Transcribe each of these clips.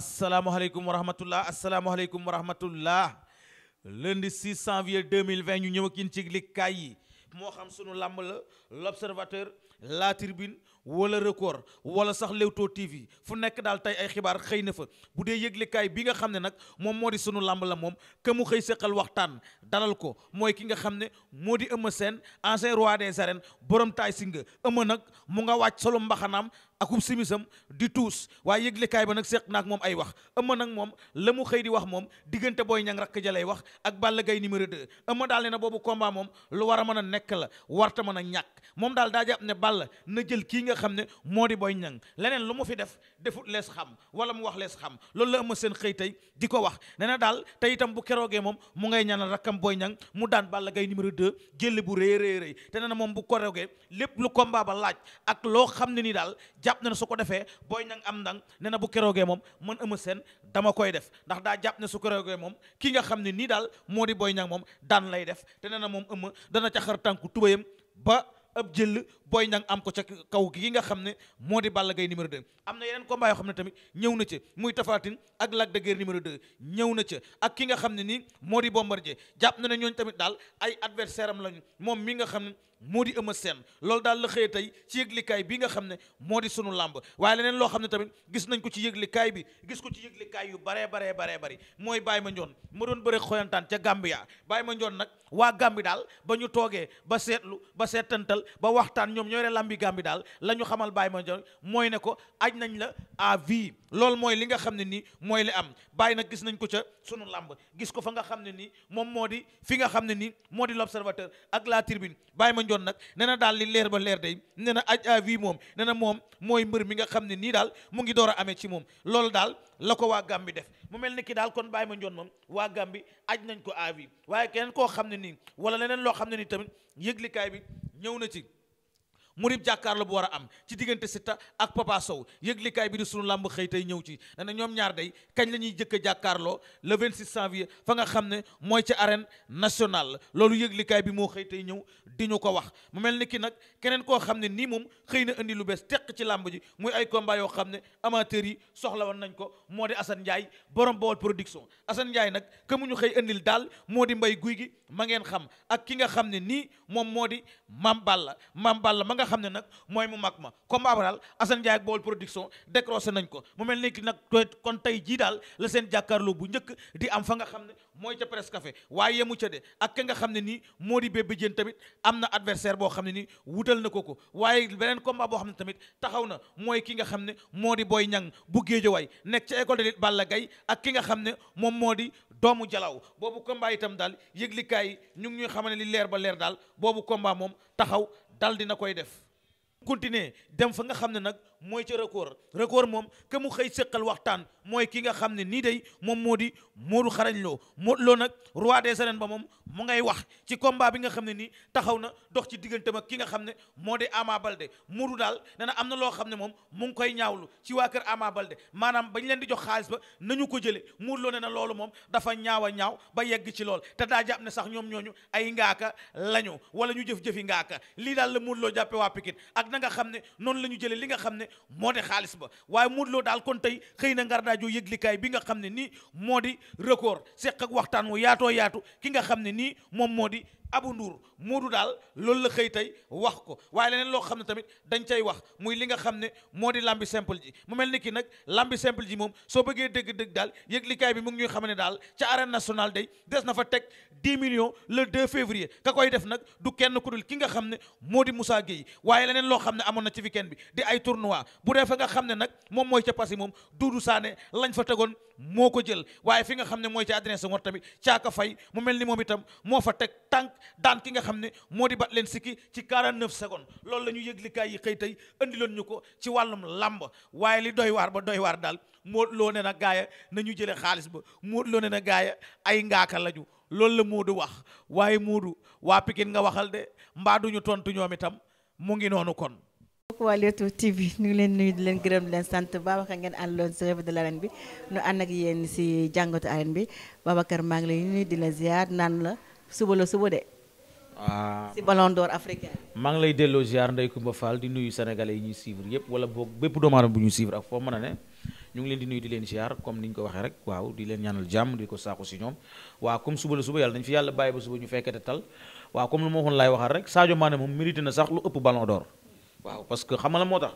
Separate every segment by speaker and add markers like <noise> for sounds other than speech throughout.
Speaker 1: asalaamaaleykum wa rahmatullah asalaamaaleykum wa rahmatullah lundi 6 janvier 2020 ñu ñëw ak yéen ci yëglikaay yi moo xam sunu làmb la l'observateur la tirbine wala record wala sax Leewtoo TV fu nekk daal tey ay xibaar xëy na fa bu dee yëglekaay bi nga xam ne nag moom moo di sunu làmb la moom ke mu xëy seqal waxtaan dalal ko mooy ki nga xam ne moo di Eumeu seen ancien roi des arènes borom taay si nga Eumeu nag mu nga wàcc solo mbaxanaam akub simisam di tuus waaye yëglekaay ba nag seq ak moom ay wax ëmma nag moom la mu xëy di wax moom diggante booy ñang rakk ja lay wax ak Balla Gaye numéro 2 ëmma daal ne na boobu combat moom lu war a mën a nekk la warta mën a ñàkk moom daal daa am ne Balla na jël kii nga xam ne moo di booy ñang leneen lu mu fi def defut lees xam wala mu wax lees xam loolu la ëmma seen xëy tey di ko wax ne na daal te itam bu keroogee moom mu ngay ñaanal rakkam booy ñang mu daan Balla Gaye numéro 2 jël bu réy réy réy te ne na moom bu keroogee lépp lu combat ba laaj ak loo jàpp na ne su ko defee booy ñang am ndang nee na bu keroogee moom man ëma seen dama koy def ndax daa jàpp ne su keroogee moom ki nga xam ne nii daal moo di booy ñang moom daan lay def te nee na moom ëma dana ca xar tànku tubayam ba ab jël Boy Niang am ko ca kaw gi nga xam ne moo di Balla Gaye numéro 2 am na yeneen combat yoo xam ne tamit ñëw na ca muy Tapha ak Lac de Guiers numéro ñëw na ca ak ki nga xam ne nii moo di Bombardier jàpp na ne ñooñu tamit daal ay adversaire am lañu moom mi nga xam ne moo di Eumeu Sène loolu daal la xëye tey ci yëglikaay bi nga xam ne moo di sunu làmb waaye leneen loo xam ne tamit gis nañ ko ci yëglikaay bi gis ko ci yëglikaay yu baree baree baree bari mooy Baye Mandione ma doon bëre xoyantaan ca Gambia Baye Mandione nag waa Gambi daal ba ñu toogee ba seetlu ba seetantal ñoom ñoo yore lambi gambi daal lañu ñu xamal Baye Mandione mooy ne ko aj nañ la à vie loolu mooy li nga xam ne nii mooy li am Baye na gis nañ ko ca sunu làmb gis ko fa nga xam ne nii moom moo di fi nga xam ne nii moo di l'observateur ak la tribune Baye Mandione nag nee na daal li leer ba leer day ne na aj à moom ne na moom mooy mbër mi nga xam ne nii daal mu ngi door a amee ci moom loolu daal la ko waa Gàmbi def mu mel ni kii daal kon ma Mandione moom waa Gàmbi aj nañ ko à vie waaye keneen koo xam ne nii wala leneen loo xam ne nii tamit yëglikaay bi ñëw na ci mu di jàkkaarloo bu war a am ci diggante Siteu ak Papa Sow yëglikaay bi di sunu làmb xëy tey ñëw ci nee ñoom ñaar day kañ la ñuy jëkk a jàkkaarloo le 26 janvier fa nga xam ne mooy ci arène nationale loolu yëglikaay bi moo xëy tey ñëw di ñu ko wax mu mel ni ki nag keneen koo xam ne nii moom xëy na indi lu bees teq ci làmb ji muy ay combat yoo xam ne amateurs yi soxla woon nañ ko moo di Assane Ndiaye borom Bawol production Assane Ndiaye nag que ñu xëy indil daal moo di mbay guy gi ma ngeen xam ak ki nga xam ne nii moom moo di Mame Balla Mame Balla nga xam ne nag mooy mu mag ma combat ba daal Assane Ndiaye ak Baol production décroché nañ ko mu mel ni ki nag kon tey jii daal la seen jàkkaarloo bu njëkk di am fa nga xam ne mooy ca presse café waaye yemu ca de ak ka nga xam ne nii moo di bébé jën tamit am na adversaire boo xam ne nii wutal na ko ko waaye beneen combat boo xam ne tamit taxaw na mooy ki nga xam ne moo di booy Niang bu Géejawaay nekk ca école de lutte Balla gay ak ki nga xam ne moom moo di doomu Jalaw boobu combat itam daal yëglikaay yi ñu ngi ñuy xamal ne li leer ba leer daal boobu combat moom taxaw dal dina koy def continuer dem fa nga xam ne nag mooy ca record record moom ke mu xëy séqal waxtaan mooy ki nga xam ne nii day moom moo di Modou Xarañ loo Modou nag roi des arènes ba moom mu ngay ci combat bi nga xam ne nii taxaw na dox ci digganteem ak ki nga xam ne moo di Ama Balde Modou daal nee am na loo xam ne moom mu ngi koy ñaawlu ci waa kër Ama Balde maanaam bañ leen di jox xaalis ba nañu ko jëlee Modou Lo nee na loolu moom dafa ñaaw a ñaaw ba yegg ci lool te daa jàpp ne sax ñoom ñooñu ay ngaaka lañu wala ñu jëf-jëfi ngaaka lii daal la Modou loo jàppe waa Pikine ak na nga xam ne noonu la ñu jëlee li nga xam ne moo de xaalis ba waaye Modou Lo daal kon tey xëy na ngardaajoo yëglikaay bi nga xam ne nii moo di record seq ak waxtaan wu yaatoo yaatu ki nga xam ne nii moom moo di abu nduur moodu daal loolu la xëy tey wax ko waaye leneen loo xam ne tamit dañ cay wax muy li nga xam ne moo di lambi simple ji mu mel ni ki nag lambi simple ji moom soo bëggee dëgg-dëgg daal yëglikaay bi mu ngi ñuy xam ne daal ca arène nationale day des na fa teg 10 millions le 2 février ka koy def nag du kenn ku dul ki nga xam ne moo di musaa Gueye waaye leneen loo xam ne amoon na ci weekend bi di ay tournoi bu dee fa nga xam ne nag moom mooy ca Passy moom Doudou Sané lañ fa tegoon moo ko jël waaye fi nga xam ne mooy ca adresse war tamit caaka fay mu mel ni moom itam moo fa teg tànk daan ki nga xam ne moo di bat leen sikki ci 49 secondes loolu la ñu yëglikaay yi xëy tey andiloon ñu ko ci wàllum làmb waaye li doywaar ba doy waar daal Modou Lo ne na gaaya ñu jële xaalis ba Modou Lo ne na gaaya ay ngaaka lañu loolu la Modou wax waaye Modou waa Pikine nga waxal de mbaa duñu tontu ñoom itam mu ngi noonu kon
Speaker 2: mbokk waa Leewtoo TV ñu ngi leen nuyu di leen gërëm di leen sant Babacar ngeen àndaloon si revue de l'arène bi nu ànd ak yéen si jàngatu arène bi Babacar maa ngi lay nuyu di la naan la suba la suba de.
Speaker 1: waaw ah. si ballon d'or africain. ngi lay delloo ziar Ndeye Coumba Fall di nuyu sénégalais yi ñuy suivre yëpp wala boog bépp doomu aadama bu ñuy suivre ak foo mën a ne. ñu ngi leen di nuyu di leen ziar comme ni ñu ko waxee rek waaw di leen ñaanal jàmm di ko saako si ñoom waaw comme suba la suba yàlla nañu fi yàlla bàyyi ba suba ñu fekkete tal waaw comme lu ma waxoon laay waxaat rek Sadio Mané moom mérité na sax lu ëpp ballon d'or waaw parce que xam moo tax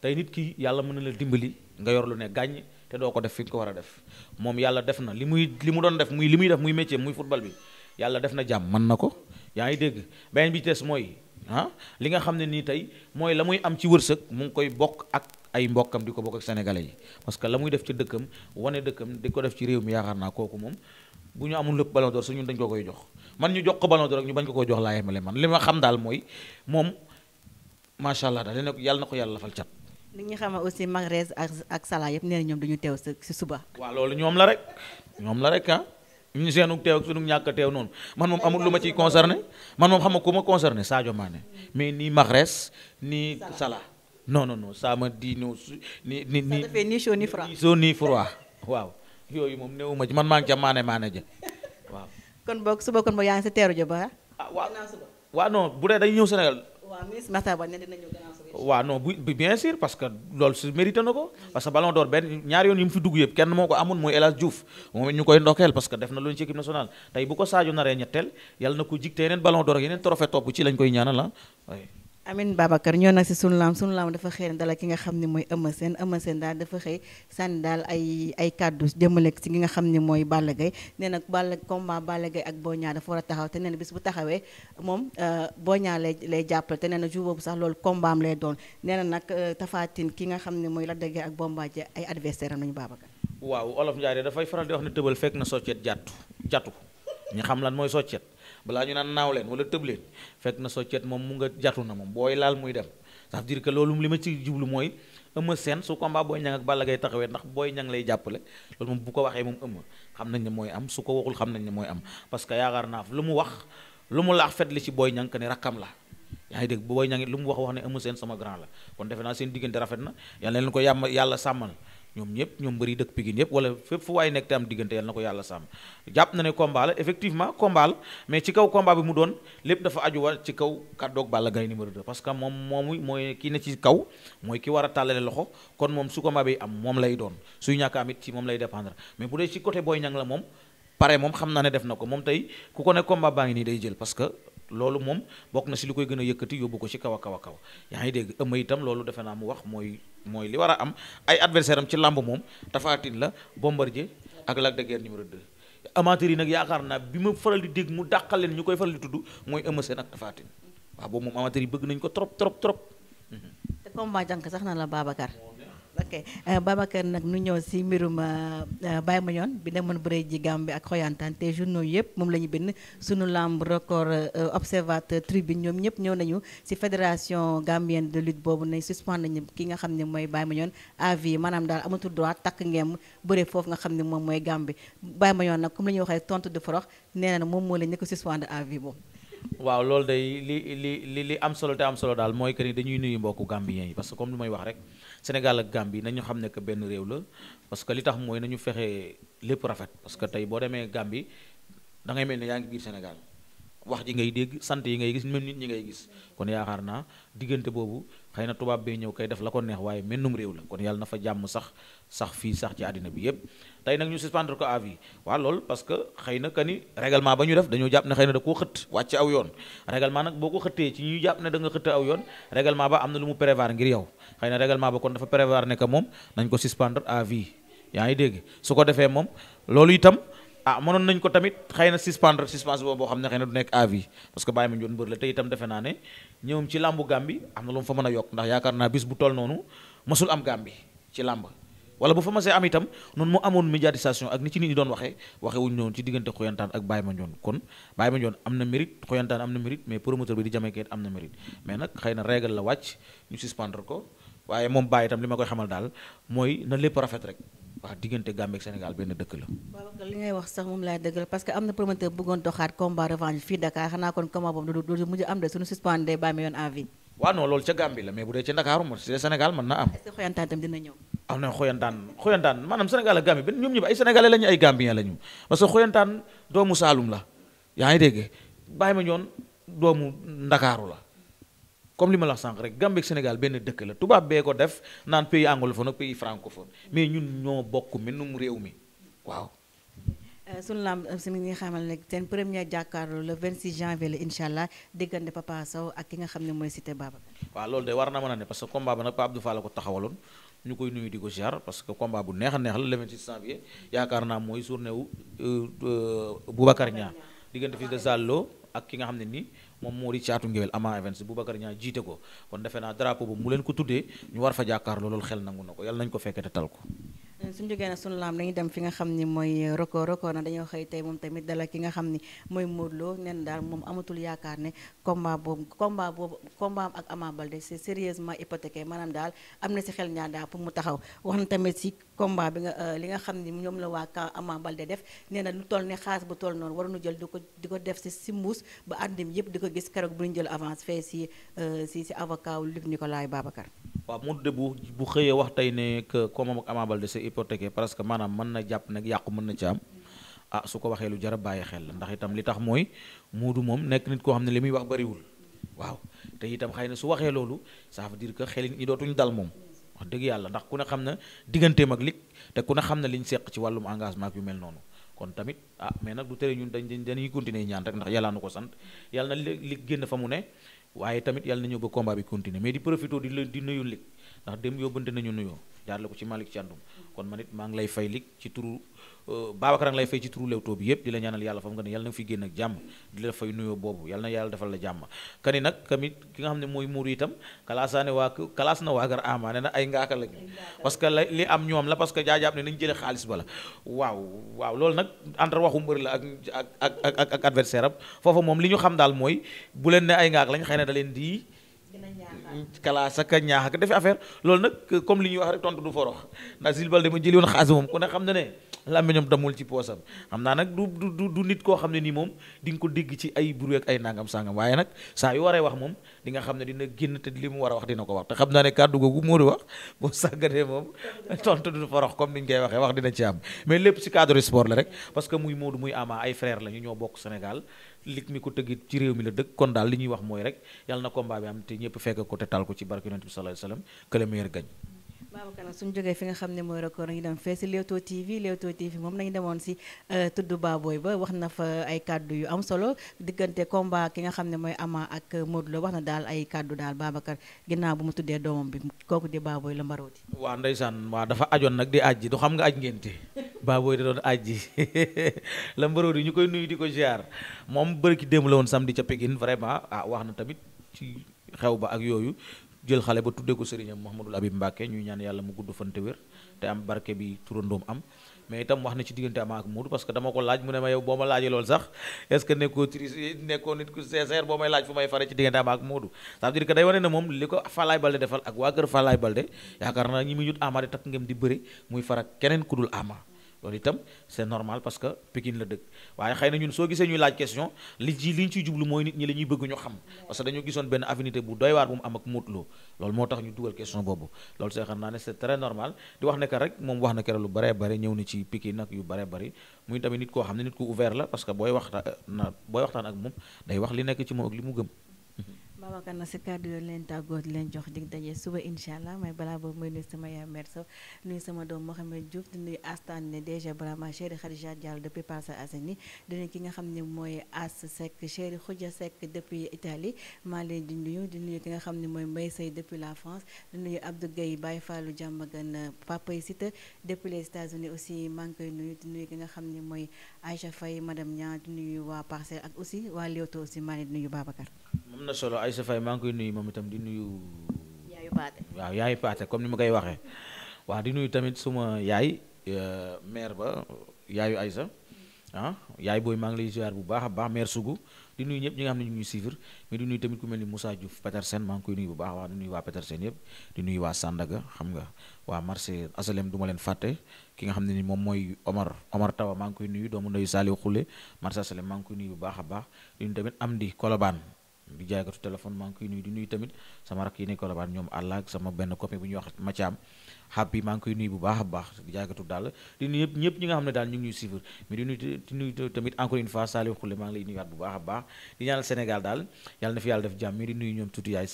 Speaker 1: tey nit ki yàlla mën na la dimbali nga yor lu ne gàññ te doo ko def fi ko war a def moom yàlla def na li muy li mu doon def muy li muy def muy métier muy football bi yàlla def na jàmm man na ko yaa ngi dégg beneen bi des mooy ah, li nga xam ne nii tey mooy la muy am ci wërsëg mu ngi koy bokk ak ay mbokkam di ko bokk ak sénégalais yi parce que la muy def ci dëkkam wane dëkkam di ko def ci réew mi yaakaar naa kooku moom bu ñu amul lépp ballon su ñun dañ ko koy jox man ñu jox ko ballon d'or rek ñu bañ ko koy jox laa yemale man li ma xam daal mooy moom macha allah daal ne yàlla na ko yàlla fal cat.
Speaker 2: li nga xam aussi Mahrez ak ak Salah yëpp nee na ñoom duñu teew si suba.
Speaker 1: waaw loolu ñoom la rek ñoom la ah. ñu seenu teew ak sunu ñàkk teew noonu man moom amul lu ma ciy concerné man moom xam nga ku ma concerné Sadio Mané mais ni Mahrez ni Salah non non non ça ma di no ni ni ni ni chaud ni froid chaud ni froid waaw yooyu moom newuma ci man maa ngi ca Mané Mané ja waaw
Speaker 2: kon boog suba kon boog yaa ngi sa teeru ja ba ah, ah
Speaker 1: waaw bu dee dañuy ñëw Sénégal waaw no bu bien sûr parce que loolu si mérité na ko parce que ballon d'or benn ñaar yoon yi mu fi dugg yëpp kenn moo ko amoon mooy El Hadj moom ñu koy ndokkeel parce que def na lu ñu ci équipe nationale tey bu ko Sadio naree ñetteel yàlla na ko jig te yeneen ballon d'or ak yeneen trophée topp ci lañ koy ñaanal ah
Speaker 2: amin Babacar ñoo nag si sunu laam sunu laam dafa xëy na dala ki nga xam ne mooy Eumeu Sène Eumeu Sène daal dafa xëy sànni daal ay ay kàddu jëmale ki nga xam ne mooy Balla Gaye nee na Balla combat Balla ak Boy Niang dafa a taxaw te nee bis bu taxawee moom euh, Boy Niang lay lay jàppale te nee na sax loolu combat lay doon nee na nag euh, Tapha ki nga xam ne mooy Lac de Guiers ak Bombardier ay adversaire am lañu Babacar
Speaker 1: waaw olof Ndiaye dafay faral di wax ne tëbal fekk na soccet jatu jàttu ñu xam lan mooy soccet balaa ñu naan naaw leen wala tëb leen fekk na soccet moom mu nga jatu na moom booy laal muy dem ça veut dire que loolu li ma ci jublu mooy ama Sène su combat Boy Niang ak Balla taxawee ndax Boy Niang lay jàppale loolu bu ko waxee moom Eumeu xam nañ ne mooy am su ko waxul xam nañ ne mooy am parce que yaakaar naa lu mu wax lu mu laax fet li ci Boy Niang que ne rakkam la yaa ngi dégg Boy Niang it lu mu wax wax ne Eumeu seen sama grand la kon defe naa seen diggante rafet na yal na leen ko yàmm yàlla sàmmal ñoom ñëpp ñoom mbëri dëkk Pikine yëpp wala fépp fu waaye nekk te am diggante yal na ko yàlla sàmm jàpp na ne combat effectivement combat mais ci kaw lépp dafa aju war ci kaw kàddoog Balla Gaye numéro 2 parce que moom moomu mooy ki ne ci kaw mooy ki war a tàllale loxo kon moom su combat bi am moom lay doon suy ñàkk amit ci moom lay dépendre mais bu dee ci côté Boy Niang la moom pare moom xam naa ne def na ko moom tey ku ko ne combat baa ngi nii day jël parce loolu moom bokk na si li koy gën a yëkkati yóbbu ko ci kaw a kaw a kaw yaa ngi dégg ëmma itam loolu defe naa mu wax mooy mooy li war a am ay adversaire am ci làmb moom Tapha Tine la Bombardier ak Lac de Guiers numéro 2 amateurs yi nag yaakaar naa bi ma faral di dégg mu dàqal leen ñu koy faral di tudd mooy Eumeu seen ak Tapha Tine waaw boobu moom amateurs bëgg nañ ko trop trop trop.
Speaker 2: te combat jànk sax na la Babacar. ok euh, Babacar nag nu ñëw si mbirum euh, euh, Baye Mandione bi demoon bëre ji Gambie ak xoyantaan te journaux yëpp moom la ñu bind sunu lamb record observateur tribune ñoom ñëpp ñëw nañu si fédération gambienne de lutte boobu nañ suspend nañu ki nga xam ne mooy Baye Mandione à vie maanaam daal amatul droit takk ngeem bëre foofu nga xam ne moom mooy Gambie Baye Mandione nag comme la ñuy waxee tontu de forox nee na moom moo la ñu ko suspendre à vie boobu.
Speaker 1: waaw loolu day li li li solo te solo daal mooy que ni dañuy nuyu mbokku Gambien yi parce que comme wax rek. Sénégal ak Gambie nañu xam ne que benn réew la parce que li tax mooy nañu fexe lépp rafet parce que tey boo demee Gambie da ngay mel ni yaa ngi biir Sénégal. wax ji ngay dégg sant yi ngay gis même nit ñi ngay gis kon yaakaar naa diggante boobu xëy na tubaab bay ñëw kay def la ko neex waaye mennum réew la kon yàlla na fa jàmm sax sax fii sax ci àddina bi yépp tey nag ñu suspendre ko à vie waaw loolu parce que xëy na que ni règlement ba ñu def dañoo jàpp ne xëy na da koo xëtt wàcc aw yoon règlement nag boo ko xëttee ci ñuy jàpp ne da nga xëtt aw yoon règlement ba am na lu mu prévoir ngir yow xëy na règlement ba kon dafa prévoir ne que moom nañ ko suspendre à vie yaa ngi ah nañ ko tamit xëy na suspendre suspense boobu boo xam ne xëy na du nekk avis parce que bàyyi ma njoon mbër la te itam a yokk ndax yaakaar naa bis bu toll noonu masul am Gàmbi ci làmb wala bu fa am itam noonu mu amoon médiatisation ak ni ci nit ñi doon waxee waxee wuñ noonu ci diggante xoyantaan ak Baye Mandione kon Baye Mandione am na mérite xoyantaan am na mérite mais promoteur bi di Jamaïcain am na mérite mais nag xëy na régal la wàcc moom Baye itam li ma koy xamal daal mooy na lépp rafet rek wax diggante Gambie ak Sénégal benn dëkk la.
Speaker 2: li ngay wax sax moom laay dëggal parce que am na promoteur bëggoon doxaat combat revanche fii Dakar xanaa kon combat boobu mujj am de suñu suspendé bàyyi ma yoon à vie.
Speaker 1: waaw non ca Gambie la mais bu dee ca Dakar moom ci Sénégal na am.
Speaker 2: Ah,
Speaker 1: xoyantaan xoyantaan maanaam Sénégal ak Gambie benn ñoom ñëpp ay sénégalais lañu ay Gambiens lañu parce xoyantaan doomu Saalum la yaa ngi dégg bàyyi ma ñoon doomu Ndakaaru la. comme li ma la wax sànq rek Gambie ak Sénégal benn dëkk la tubaab bee ko def naan pays anglophone ak pays francophone mais ñun ñoo bokk num réew mi waaw.
Speaker 2: Euh, sunu laam si mi ngi xamal ne seen premier jàkkaarloo le 26 janvier la incha allah diggante Papa Sow ak ki nga xam ne mooy Cité Baba.
Speaker 1: waa loolu de war na mën a ne parce que combat ba nag Pape Abdou Fall koy nuyu di ko ziar parce que combat bu neex a neex la le janvier yaakaar naa mooy journée wu euh, euh, Boubacar Niang diggante fils de Zallo ak ki nga xam ne nii. moom moo di caatu ngéwél Ama Events Boubacar Niang jiite ko kon defe naa drapeau boobu mu leen ko tuddee ñu war fa jàkkaarloo loolu xel nangu na ko yàlla nañ ko fekkete tal ko
Speaker 2: suñu jógee nag sunu laam dañuy dem fi nga xam ni mooy record record na dañoo xëy tey moom tamit dala ki nga xam ni mooy Modou Lo nen daal moom amatul yaakaar ne combat boobu combat boobu combat ak Ama Baldé c'est sérieusement hypothéqué maanaam daal am na si xel ñaar daal pour mu taxaw wax na tamit si combat bi nga euh, li nga xam ni ñoom la waa ka Ama Baldé def nee na lu toll ne xaalis bu toll noonu waruñu jël di ko di ko def si si mbuus ba àndim yëpp di ko gis keroog bu ñu jël avance fee si euh, si si avocat wu Luc Nicolaï Babacar.
Speaker 1: waaw Modou Dé bu bu xëyee wax tey ne que combat ak Ama Baldé c'est hypothéqué parce que maanaam mën na jàpp nag yàqu mën na ci am. ah su ko waxee lu jar bàyyi xel la ndax itam li tax mooy muudu moom nekk nit ko xam ne li muy wax bariwul waaw te itam xay na su waxee loolu ça veut que xel ñi dootuñu dal moom. wax dëgg yàlla ndax ku ne xam na digganteem ak lig te ku ne xam na liñ seq ci wàllum engagement ak yu mel noonu kon tamit ah mais nag du tere ñun dañ dañuy continuer ñaan rek ndax yàlla na ko sant yàlla na lig génn fa mu ne waaye tamit yàlla na ñëw ba combat bi continuer mais di profité di di nuyu lig ndax dem yóbbante nañu nuyoo jaarale ko ci Malick Thiandoum kon man it maa lay fay lig ci turu euh, Babacar a ngi lay fay ci turu Leewtoo bi yëpp di la ñaanal yàlla fam nga ne yàlla na fi génn ak jàmm di la fay nuyoo boobu yàlla na yàlla defal la jàmm kani nag kamit ki nga xam ne mooy muur itam kalaasaane waa kalaas na waagar ama ne na ay ngaaka lañ parce que la li am ñoom la parce que jaajaab ne nañ jële xaalis ba la waaw waaw loolu nag entre waxu mbër la ak ak ak ak adversaire am moom li ñu xam daal mooy bu leen ne ay ngaak lañ xëy na da leen di kalaas ak ñaax ak defi affaire loolu nag comme li ñuy wax rek tontu du forox ndax Jules Baldé mu jëli woon xaalis moom ku ne xam na ne làmmiñam damul ci poosam xam naa nag du du du nit koo xam ne nii moom di nga ko dégg ci ay bruit ay nangam sangam waaye nag saa yu waree wax moom di nga xam ne dina génn te li mu war a wax dina ko wax te xam naa ne kàddu googu moo di wax boo sàgganee moom tontu du forox comme niñ koy waxee wax dina ci am mais lépp ci cadre sport la rek parce que muy Modou muy Ama ay frère la ñu ñoo bokk Sénégal lig mi ko tëggit ci réew mi la dëkk kon daal li ñuy wax mooy rek yàlla na combat bi am te ñëpp fekk ko te taal ko ci barke yonent bi sallallahu alayhi wasallam que
Speaker 2: Babacar nag suñu jógee fi nga xam ne mooy record ñu dem fee si Leewtoo TV Leewtoo TV moom nañu demoon si euh, tudd Baboy ba wax na fa ay kàddu yu am solo diggante combat ki nga xam ne mooy Ama ak Modou Lo wax na daal ay kàddu daal Babacar ginnaaw bu mu tuddee doomam bi kooku di Baboy la mbarooti
Speaker 1: waa ndeysaan waa dafa ajoon nag di ajji du xam nga aj ngénte <laughs> Baboy da doon ajji <laughs> la mbarooti ñu koy nuyu di ko ziar moom bërki démb la woon samedi ca Pikine vraiment ah wax na tamit ci xew ba ak yooyu jël xale ba tuddee ko sëriñam Mouhamadul Habib Mbacke ñuy ñaan yàlla mu gudd fan te am barke bi turandoom am mais itam wax na ci diggante Ama ak Modou parce que dama ko laaj mu day wane ne moom li ko Falaye Balde defal ak waa kër Falaye Balde yaakaar naa ñi mu ñut Ama di takk ngem di bëre muy far keneen ku dul Ama loolu itam c'est normal parce que Pikine la dëkk waaye xëy na ñun soo gisee ñuy laaj question li ci li ñu ciy jublu mooy nit ñi la ñuy bëgg ñu xam parce que dañoo gisoon benn affinité bu doy waar bu mu am ak Modou Lo moo tax ñu dugal question boobu loolu seexam naa ne c'est très normal di wax ne rek moom wax na keroog lu bare bari ñëw na ci Pikine nag yu bare bari muy tamit nit koo xam ne nit ku ouvert la parce que booy waxtaan euh, booy waxtaan ak moom day wax li nekk ci moom ak mu gëm
Speaker 2: Babacar na si kàddu leen tàggoo di leen jox dig daje suba incha allah may balaa boobu may nuyu sama yaay mère Sow sama doom Mohamed Diouf di nuyu Astane ne déjà bala ma chéri Khadija Diallo depuis Parcelles Assainies xam ne mooy As Seck chéri Khoudia Seck depuis Italie maa leen di nuyu ki nga xam ne mooy mbay say depuis la France di nuyu Abdou Gueye Baye Fallou Diamagan Papa Sita depuis les États-Unis aussi maa ngi koy nuyu di ki nga xam ne mooy Aïcha Faye madame Niang di nuyu waa Parcelles ak aussi waa Leewtoo aussi maa
Speaker 1: moom na solo Aïssa Faye maa ngi koy nuyu moom itam di nuyu. yaayu paate waaw yaayu paate comme ni ma koy waxee. waaw di nuyu tamit suma yaay euh, maire ba yaayu Aïssa ah yaay booy maa ngi lay ziar bu baax baax maire Sougou di nuyu ñëpp ñi nga xam ne ñu ngi suivre mais di nuyu tamit ku mel ni Moussa Diouf maa baax waaw di nuyu yëpp di waa Sandaga xam nga waa marché Asalem du ma leen fàtte ki nga xam ne ni moom mooy Omar Omar Tawa maa ngi koy nuyu doomu ndeyu Saliou Khoule marché Asalem maa ngi bu baax a baax di nuyu tamit di kolobaan di jaaykatu téléphone maa ngi koy nuyu di nuyu tamit sama rak yi ne Colobane ñoom àll ak sama benn copain bu baax a baax di jaaykatu daal di ñëpp ñëpp nga xam ne daal ñu ngi ñuy suivre mais di nuyu di nuyu tamit encore une fois Saliou Khoule maa ngi lay nuyuwaat a baax di ñaanal Sénégal daal yàlla na fi yàlla def jàmm mi di nuyu ñoom tuuti Yaay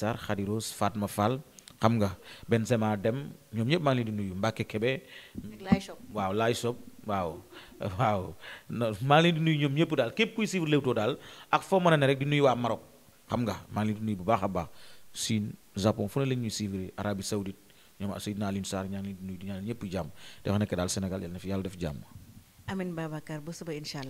Speaker 1: ñoom ñëpp maa ngi leen di nuyu Mbacke Kebe waaw laay sob waaw waaw maa ngi leen di nuyu ñoom ñëpp daal képp kuy suivre Leewtoo daal ak foo mën ne rek di nuyu waa Maroc xam nga maa ngi leen di nuyu bu baax a baax Chine Japon fu ne la ñuy suivre Arabie Saoudite ñoom Seydina Alioune Sarr ñaa ngi leen di nuyu di ñëpp jàmm te wax nekk daal Sénégal yàlla def jàmm.
Speaker 2: amin Babacar ba suba incha